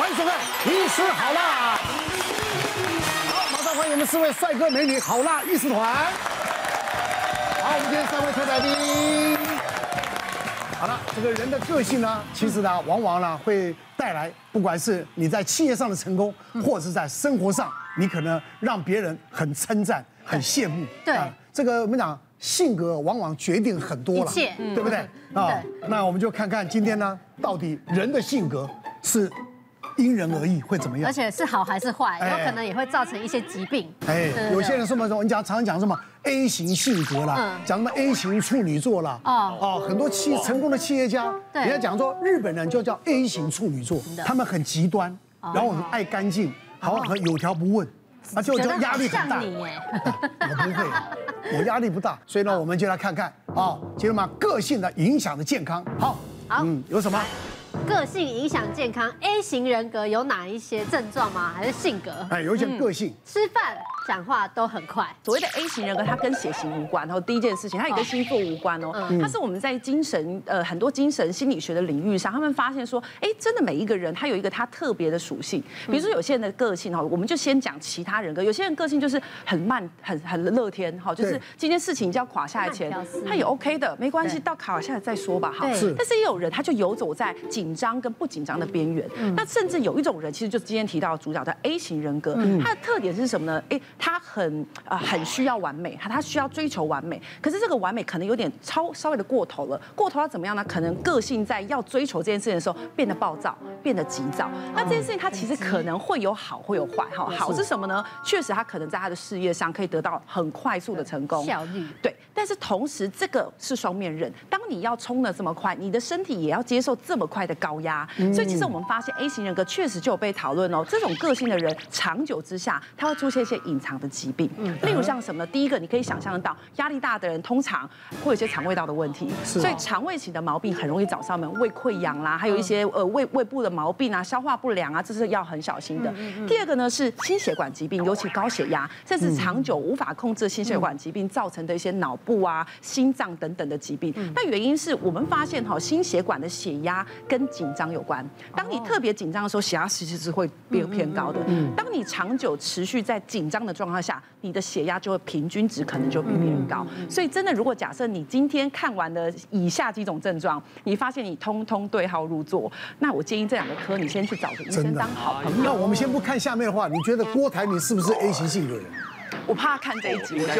觀眾們，醫師好辣！好，馬上歡迎我們四位帥哥美女好辣醫師團。好，我們今天三位特來賓。好了，這個人的個性呢，其實呢，往往呢會帶來，不管是你在企業上的成功，嗯、或者是在生活上，你可能讓別人很稱讚、很羨慕。對。這個我們講性格往往決定很多了，切對不對？啊、嗯，那我們就看看今天呢，到底人的性格是。因人而異會怎麼樣？而且是好還是壞？有可能也會造成一些疾病。哎，有些人說什麼？你講常常講什麼 A 型性格啦，講什麼 A 型處女座啦。啊啊，很多企成功的企業家，人家講說日本人就叫 A 型處女座，他們很極端，然後很愛乾淨，然後很有條不紊，那就我覺壓力很大。我不會，我壓力不大。所以呢，我們就來看看啊，其實嘛，個性的影響的健康。好，好，嗯，有什麼？個性影響健康，A 型人格有哪一些症狀嗎？還是性格？哎，有一點個性、嗯，吃飯、講話都很快。所謂的 A 型人格，它跟血型無關，然後第一件事情，它也跟星座無關哦。嗯、它是我們在精神呃很多精神心理學的領域上，他們發現說，哎，真的每一個人他有一個他特別的屬性。比如說有些人的個性哈，我們就先講其他人格。有些人個性就是很慢、很很樂天哈，就是今天事情就要垮下來前，對他也 OK 的，沒關係，對到垮下來再說吧哈。好對但是也有人他就游走在緊。張跟不緊張的邊緣，嗯、那甚至有一種人，其實就是今天提到主角的 A 型人格，嗯、他的特點是什麼呢？欸、他很呃很需要完美，他他需要追求完美，可是這個完美可能有點超稍微的過頭了，過頭要怎麼樣呢？可能個性在要追求這件事情的時候變得暴躁，變得急躁。那這件事情他其實可能會有好，會有壞哈。好是什麼呢？確實他可能在他的事業上可以得到很快速的成功，對，效率對。但是同時這個是雙面刃，當你要衝的這麼快，你的身體也要接受這麼快的高度。高壓，嗯、所以其實我們發現 A 型人格確實就有被討論哦。這種個性的人，長久之下，他會出現一些隱藏的疾病。例如像什麼？第一個，你可以想象得到，壓力大的人通常會有一些腸胃道的問題，所以腸胃型的毛病很容易找上門，胃潰瘍啦，還有一些呃胃胃部的毛病啊，消化不良啊，這是要很小心的。第二個呢是心血管疾病，尤其高血壓，甚至長久無法控制心血管疾病造成的一些腦部啊、心臟等等的疾病。那原因是我們發現哈、喔，心血管的血壓跟緊張有關。當你特別緊張的時候，血壓其實是會變偏高的。當你長久持續在緊張的狀態下，你的血壓就會平均值可能就比別人高。所以真的，如果假設你今天看完了以下幾種症狀，你發現你通通對號入座，那我建議這兩個科你先去找個醫生當好朋友，啊。那我們先不看下面的話，你覺得郭台銘是不是 A 型性格人？我怕看這一集，那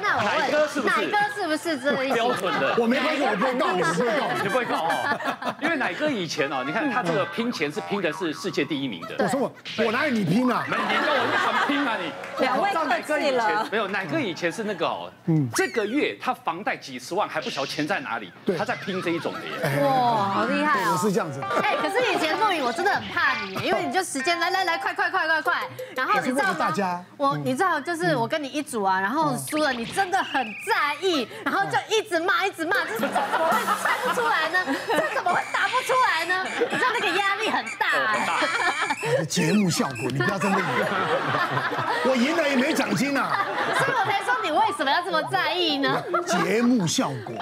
那我問，乃哥是不是真的？標準的，我沒關係，我不會告你，不會告。因為乃哥以前哦，你看他這個拼錢是拼的是世界第一名的。我說我我哪有你拼啊？沒拼，我是很拼啊你。兩位太客氣了，沒有乃哥以前是那個哦，嗯，這個月他房貸幾十萬還不曉得錢在哪裡，他在拼這一種的耶。哇，好厲害。不是這樣子。哎，可是以前錄影我真的很怕你，因為你就時間來來來快快快快快，然後你知道嗎？我，你知道，就是我跟你一組啊，然後輸了，你真的很在意，然後就一直罵，一直罵，這怎麼會猜不出來呢？這怎麼會答不出來呢？你知道那個壓力很大。節目效果，你不要真的以為，我贏了也沒獎金啊。所以我才說，你為什麼要這麼在意呢？節目效果。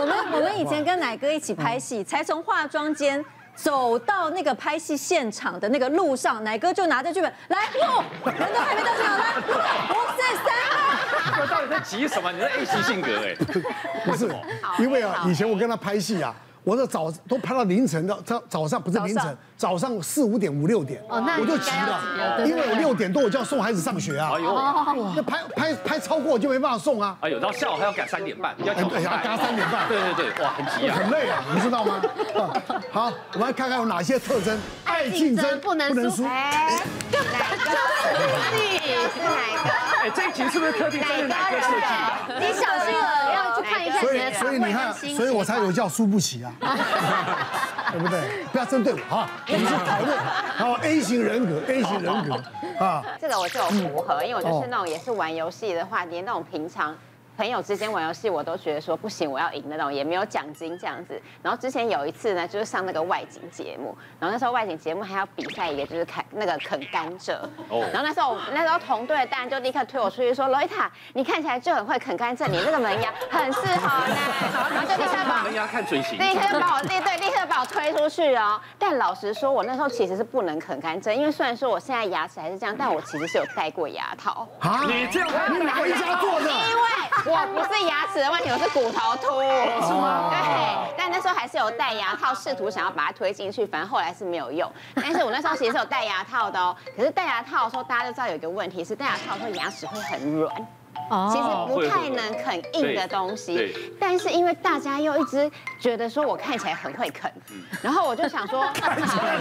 我們我們以前跟乃哥一起拍戲，才從化妝間，走到那個拍戲現場的那個路上，乃哥就拿着劇本來，人都還沒到現場呢，不是三號，5, 4, 3, 你到底在急什麼？你的 A 型性格哎、欸，不是，好因為啊，好以前我跟他拍戲啊。我的早都拍到凌晨的，早早上不是凌晨，早上四五點五六點，我就急了，因為我六點多我就要送孩子上學啊，哎呦，那拍拍拍超過就沒辦法送啊，哎呦，然後下午還要趕三點半，要趕，要趕三點半，對對對，哇，很急啊，很累啊，你知道嗎？好，我們來看看有哪些特徵。競爭不能輸，乃哥？哎，這一集是不是特地？乃哥？你小心了，要去看一下。所以，所以你看，所以我才有叫輸不起啊，對不對？不要針對我啊，我們去討論。然後 A 型人格，A 型人格啊，這個我就有符合，因為我就是那種，也是玩遊戲的話，連那種平常。朋友之間玩遊戲，我都覺得說不行，我要贏那種，也沒有獎金這樣子。然後之前有一次呢，就是上那個外景節目，然後那時候外景節目還要比賽一個，就是啃那個啃甘蔗。哦。然後那時候那時候同隊的當然就立刻推我出去，說蘿莉塔，你看起來就很會啃甘蔗，你這個門牙很適合呢。然後就立刻把門牙看嘴型，立刻把我對，立刻把我推出去哦。但老實說，我那時候其實是不能啃甘蔗，因為雖然說我現在牙齒還是這樣，但我其實是有戴過牙套、啊。你這樣，你回家做的。我不是牙齒的問題，我是骨頭凸。太猛了。對，但那時候還是有戴牙套，試圖想要把它推進去，反正後來是沒有用。但是我那時候其實有戴牙套的哦，可是戴牙套的時候，大家就知道有一個問題是，戴牙套的時候牙齒會很軟。其實不太能啃硬的東西，但是因為大家又一直覺得說我看起來很會啃，然後我就想說，哈哈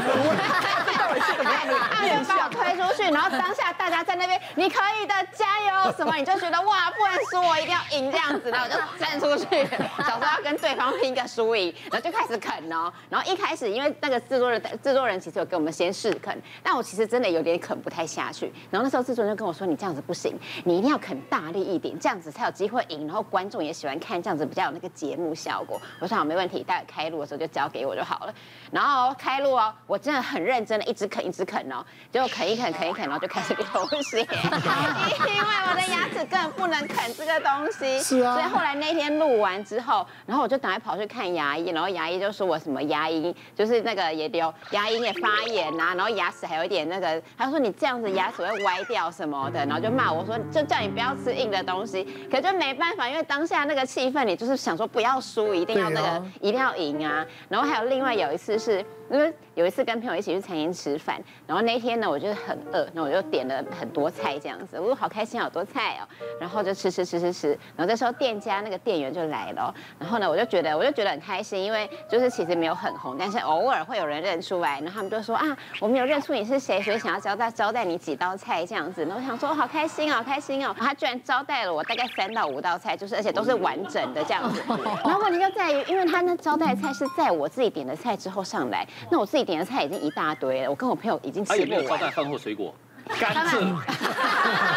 你暗把我推出去，然後當下大家在那邊，你可以的，加油什麼，你就覺得哇，不能輸，我一定要贏這樣子，然後我就站出去，想說要跟對方拼個輸贏，然後就開始啃哦、喔。然後一開始因為那個制作人制作人，其實有給我們先試啃，但我其實真的有點啃不太下去，然後那時候制作人就跟我說，你這樣子不行，你一定要啃大。壓力一點，這樣子才有機會贏，然後觀眾也喜歡看這樣子比較有那個節目效果。我說好，沒問題，待會開錄的時候就交給我就好了。然後開錄哦，我真的很認真的一直啃，一直啃哦，結果啃一啃，啃一啃，一啃，然後就開始流血， 因為我的牙齒根本不能啃這個東西。是啊，所以後來那天錄完之後，然後我就趕快跑去看牙醫，然後牙醫就說我什麼牙齦就是那個也流，牙齦也發炎吶、啊，然後牙齒還有一點那個，他說你這樣子牙齒會歪掉什麼的，然後就罵我說，就叫你不要吃。硬的東西，可就沒辦法，因為當下那個氣氛，你就是想說不要輸，一定要那個，對哦、一定要贏啊。然後還有另外有一次是。因為有一次跟朋友一起去餐廳吃飯，然後那天呢，我就很餓，那我就點了很多菜這樣子，我好開心，好多菜哦。然後就吃吃吃吃吃，然後這時候店家那個店員就來了，然後呢，我就覺得我就覺得很開心，因為就是其實沒有很紅，但是偶爾會有人認出來，然後他們就說啊，我沒有認出你是誰，所以想要招待招待你幾道菜這樣子。然後我想說我好開心哦，好開心哦，他居然招待了我大概三到五道菜，就是而且都是完整的這樣子。然後問題就在於，因為他那招待的菜是在我自己點的菜之後上來。那我自己點的菜已經一大堆了，我跟我朋友已經吃了。還有沒有招待飯後水果？甘蔗。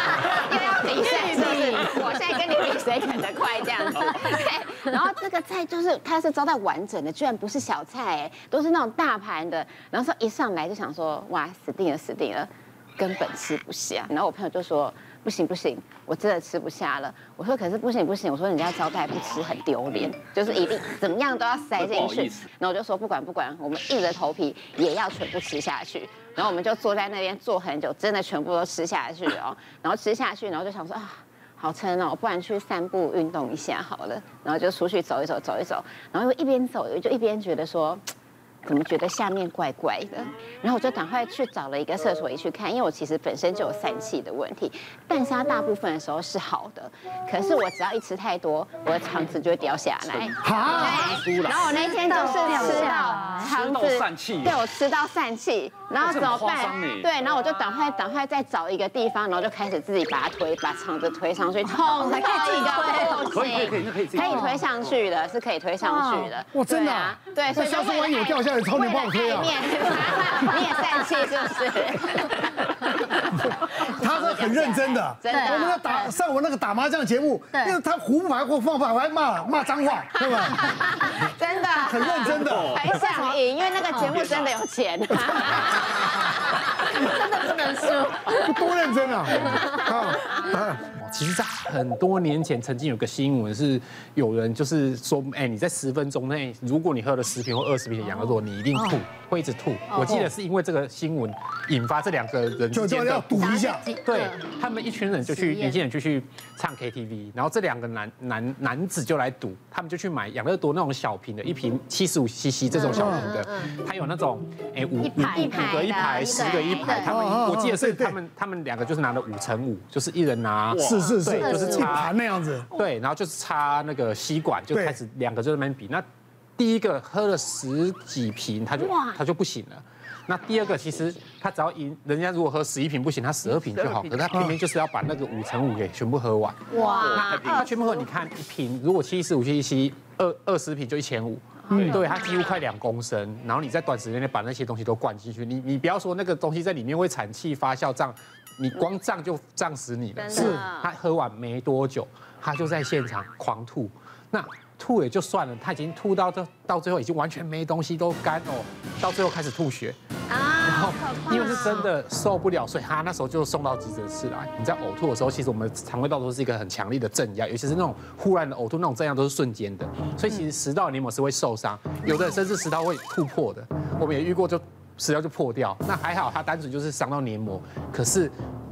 因為要比賽，就是我現在跟你比誰啃得快這樣子好、哎。然後這個菜就是它是招待完整的，居然不是小菜，都是那種大盤的。然後說一上來就想說，哇，死定了，死定了，根本吃不下。然後我朋友就說。不行不行，我真的吃不下了。我說可是不行不行，我說人家招待不吃很丟臉，就是一定怎麼樣都要塞進去。然後我就說不管不管，我們硬着頭皮也要全部吃下去。然後我們就坐在那邊坐很久，真的全部都吃下去哦。然後吃下去，然後就想說啊，好撐哦，不然去散步運動一下好了。然後就出去走一走，走一走。然後又一邊走就一邊覺得說。怎麼覺得下面怪怪的？然後我就趕快去找了一個廁所一去看，因為我其實本身就有疝氣的問題，但是它大部分的時候是好的。可是我只要一吃太多，我的腸子就會掉下來。好，然後我那天就是吃到腸子對，我吃到疝氣，然後怎麼辦？對，然後我就趕快趕快再找一個地方，然後就開始自己把它推，把腸子推上去。哦，還可以自己推，可以可以推上去的，是可以推上去的。哇，真的對啊？對，所以香蕉彎也掉超級爆粗啊！你也散氣就是，他是很認真的、啊。真的、啊、我們要打上，我那個打麻將節目，對 因為他胡牌或放牌，我還罵罵髒話，對吧？真的、啊，很認真的，還想贏，因為那個節目真的有錢、啊， 真的不能輸。多認真啊啊！ 其實，在很多年前，曾經有個新聞是有人就是說，哎，你在十分鐘內，如果你喝了十瓶或二十瓶的養樂多，你一定吐，會一直吐。我記得是因為這個新聞引發這兩個人就就要賭一下，對，他們一群人就去，年輕人就去唱 KTV，然後這兩個男男男子就來賭，他們就去買養樂多那種小瓶的，一瓶七十五 CC 這種小瓶的，他有那種哎、欸、五瓶五格一排，十個一排，他們我記得是他們他們兩個就是拿了五乘五，就是一人拿四。是,是，對，就是插那樣子，對，然後就是插那個吸管，就開始兩個就那邊比。那第一個喝了十幾瓶，他就他就不行了。那第二個其實他只要贏，人家如果喝十一瓶不行，他十二瓶就好。可是他偏偏就是要把那個五乘五給全部喝完。哇，全部喝，你看一瓶如果七十五 cc，二二十瓶就一千五。嗯，對，它幾乎快兩公升，然後你在短時間內把那些東西都灌進去，你你不要說那個東西在裡面會產氣發酵脹，你光脹就脹死你了。真的。是，他喝完沒多久，他就在現場狂吐，那吐也就算了，他已經吐到這到最後已經完全沒東西都乾哦，到最後開始吐血。然後因為是真的受不了，所以他那時候就送到急診室來。你在嘔吐的時候，其實我們腸胃道都是一個很強力的鎮壓，尤其是那種忽然的嘔吐那種鎮壓都是瞬間的，所以其實食道黏膜是會受傷，有的人甚至食道會突破的。我們也遇過，就食道就破掉，那還好他單純就是傷到黏膜，可是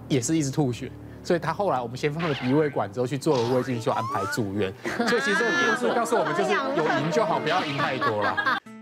也是一直吐血，所以他後來我們先放了鼻胃管，之後去做了胃鏡，就安排住院。所以其實我數告訴我們就是有贏就好，不要贏太多了。